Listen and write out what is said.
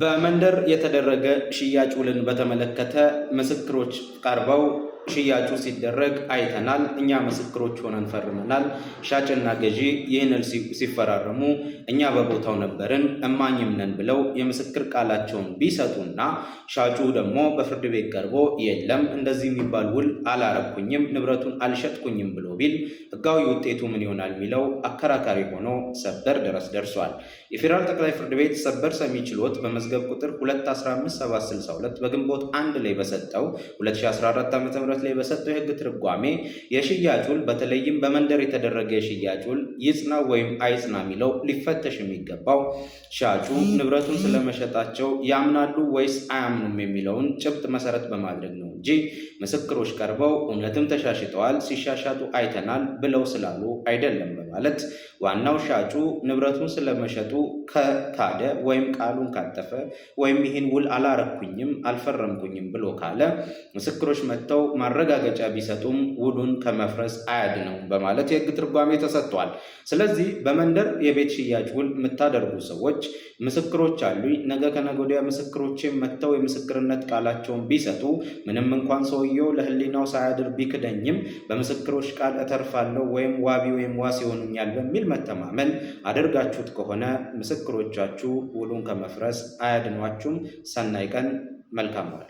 በመንደር የተደረገ ሽያጭ ውልን በተመለከተ ምስክሮች ቀርበው ሽያጩ ሲደረግ አይተናል። እኛ ምስክሮች ሆነን ፈርመናል። ሻጭና ገዢ ይህንን ሲፈራረሙ እኛ በቦታው ነበርን እማኝም ነን ብለው የምስክር ቃላቸውን ቢሰጡና ሻጩ ደግሞ በፍርድ ቤት ቀርቦ የለም እንደዚህ የሚባል ውል አላረኩኝም፣ ንብረቱን አልሸጥኩኝም ብሎ ቢል ህጋዊ ውጤቱ ምን ይሆናል የሚለው አከራካሪ ሆኖ ሰበር ድረስ ደርሷል። የፌዴራል ጠቅላይ ፍርድ ቤት ሰበር ሰሚ ችሎት በመዝገብ ቁጥር 215762 በግንቦት አንድ ላይ በሰጠው 2014 ዓ.. ዓመት ላይ በሰጠው የህግ ትርጓሜ የሽያጭ ውል በተለይም በመንደር የተደረገ የሽያጭ ውል ይጽና ወይም አይጽና የሚለው ሊፈተሽ የሚገባው ሻጩ ንብረቱን ስለመሸጣቸው ያምናሉ ወይስ አያምኑም የሚለውን ጭብጥ መሰረት በማድረግ ነው እንጂ ምስክሮች ቀርበው እውነትም ተሻሽጠዋል፣ ሲሻሻጡ አይተናል ብለው ስላሉ አይደለም በማለት ዋናው ሻጩ ንብረቱን ስለመሸጡ ከካደ ወይም ቃሉን ካጠፈ ወይም ይህን ውል አላረኩኝም አልፈረምኩኝም ብሎ ካለ ምስክሮች መጥተው ማረጋገጫ ቢሰጡም ውሉን ከመፍረስ አያድነውም በማለት የህግ ትርጓሜ ተሰጥቷል። ስለዚህ በመንደር የቤት ሽያጭ ውል የምታደርጉ ሰዎች ምስክሮች አሉኝ፣ ነገ ከነገ ወዲያ ምስክሮቼ መጥተው የምስክርነት ቃላቸውን ቢሰጡ ምንም እንኳን ሰውየው ለህሊናው ሳያድር ቢክደኝም በምስክሮች ቃል እተርፋለሁ ወይም ዋቢ ወይም ዋስ ይሆኑኛል በሚል መተማመን አደርጋችሁት ከሆነ ምስክሮቻችሁ ውሉን ከመፍረስ አያድኗችሁም። ሰናይ ቀን። መልካም ዋል